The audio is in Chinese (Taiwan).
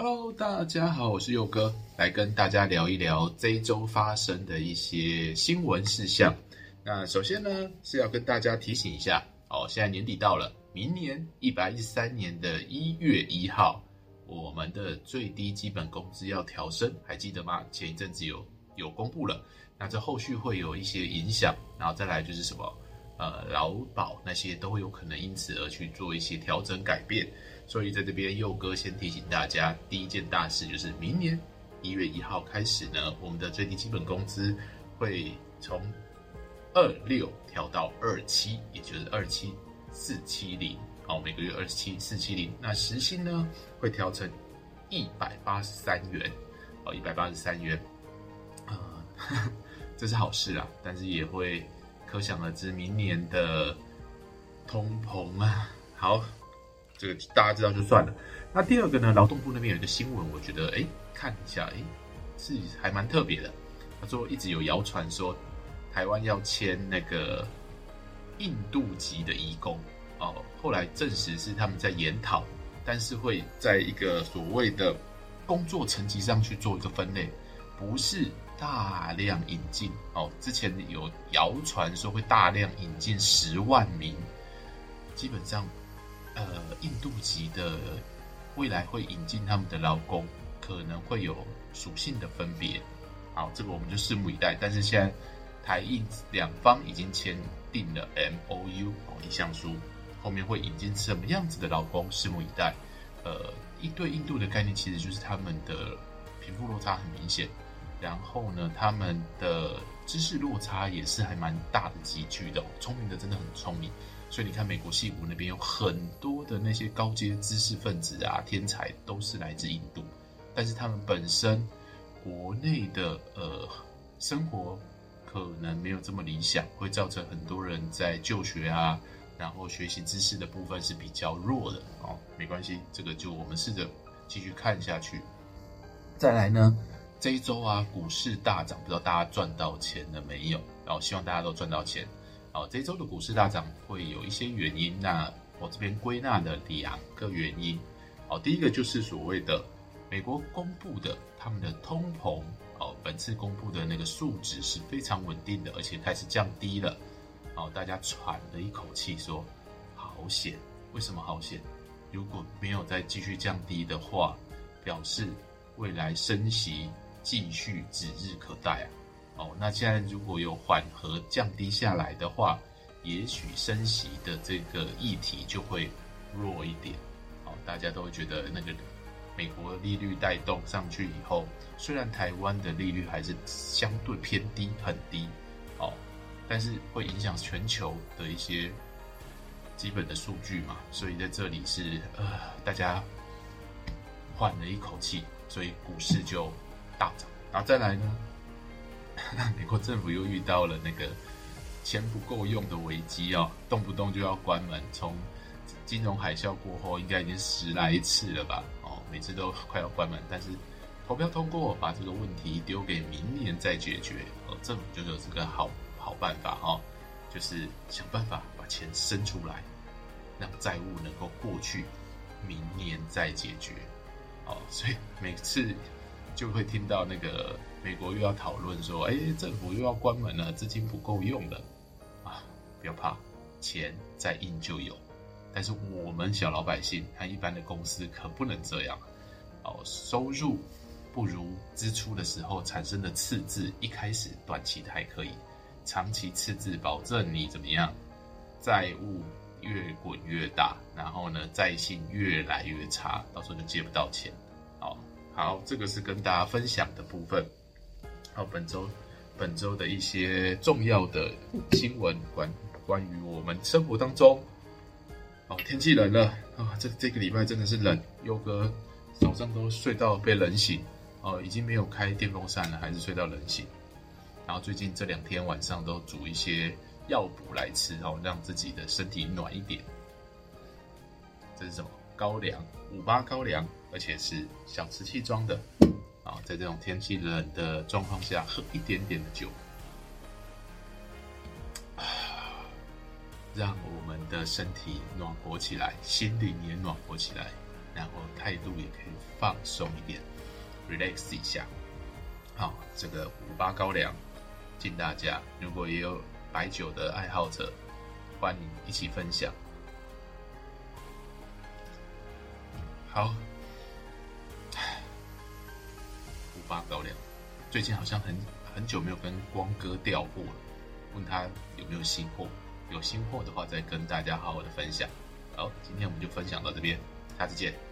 Hello，大家好，我是佑哥，來跟大家聊一聊這一周發生的一些新聞事項。那首先呢，是要跟大家提醒一下，哦，現在年底到了，明年一百一十三年的一月一號，我們的最低基本工資要調升，還記得嗎？前一陣子有有公布了，那這後續會有一些影響，然後再來就是什麼，呃，勞保那些都會有可能因此而去做一些調整改變。所以在這邊，佑哥先提醒大家，第一件大事就是明年一月一號開始呢，我們的最低基本工資會從二六調到二七，也就是二七四七零，好，每個月二七四七零。那時薪呢，會調成一百八十三元，哦，一百八十三元，啊、嗯，這是好事啦，但是也會可想而知明年的通膨啊，好。這個大家知道就算了。那第二個呢？勞動部那邊有一個新聞，我覺得欸，看一下欸，是還蠻特別的。他說一直有謠傳說台灣要簽那個印度籍的移工哦，後來證實是他們在研討，但是會在一個所謂的工作層級上去做一個分類，不是大量引進哦。之前有謠傳說會大量引進十萬名，基本上。呃，印度籍的未來會引進他們的勞工，可能會有屬性的分別。好，這個我們就拭目以待。但是現在台印兩方已經簽訂了 MOU 意向書，後面會引進什麼樣子的勞工，拭目以待。呃，對印度的概念其實就是他們的貧富落差很明顯，然後呢，他們的。知識落差也是還蠻大的急劇的，哦，聰明的真的很聰明，所以你看美國矽谷那邊有很多的那些高階知識分子啊，天才都是來自印度，但是他們本身國內的呃生活可能沒有這麼理想，會造成很多人在就學啊，然後學習知識的部分是比較弱的哦，沒關係，這個就我們試着繼續看下去，再來呢。這一周啊，股市大漲，不知道大家賺到錢了沒有？然後，哦，希望大家都賺到錢。好，哦，這週的股市大漲會有一些原因。那我，哦，這邊歸納了兩個原因。好，哦，第一個就是所謂的美國公布的他們的通膨，哦，本次公布的那個數值是非常穩定的，而且開始降低了。哦，大家喘了一口氣，說好險。為什麼好險？如果沒有再繼續降低的話，表示未來升息。繼續指日可待啊！哦，那現在如果有緩和、降低下來的話，也許升息的這個議題就會弱一點。哦，大家都會覺得那個美國利率帶動上去以後，雖然台灣的利率還是相對偏低、很低，哦，但是會影響全球的一些基本的數據嘛。所以在這裡是呃，大家緩了一口氣，所以股市就。大漲，然、啊、後再來呢？ 美國政府又遇到了那個錢不夠用的危機哦，動不動就要關門。從金融海嘯過後，應該已經十來次了吧？哦，每次都快要關門，但是投票通過，把這個問題丟給明年再解決。哦，政府就有這個好好辦法哦，就是想辦法把錢生出來，讓債務能夠過去，明年再解決。哦，所以每次。就會聽到那個美國又要討論說，哎，政府又要關門了，資金不夠用了，啊，不要怕，錢再印就有。但是我們小老百姓，和一般的公司可不能這樣，哦，收入不如支出的時候產生的赤字，一開始短期還可以，長期赤字保證你怎麼樣，債務越滾越大，然後呢，債信越來越差，到時候就借不到錢，哦好，這個是跟大家分享的部分。好、哦，本周本周的一些重要的新聞關，關關於我們生活當中。哦，天氣冷了啊、哦，這這個禮拜真的是冷，佑哥早上都睡到被冷醒，哦，已經沒有開電風扇了，還是睡到冷醒。然後最近這兩天晚上都煮一些藥補來吃，哦，讓自己的身體暖一點。這是什麼？高粱，五八高粱，而且是小瓷器裝的啊、哦！在這種天氣冷的狀況下，喝一點點的酒，啊，讓我們的身體暖和起來，心裡也暖和起來，然後態度也可以放鬆一點，relax 一下。好、哦，這個五八高粱敬大家，如果也有白酒的愛好者，歡迎一起分享。好，無法高粱，最近好像很很久沒有跟光哥調貨了，問他有沒有新貨，有新貨的話再跟大家好好的分享。好，今天我們就分享到這邊，下次見。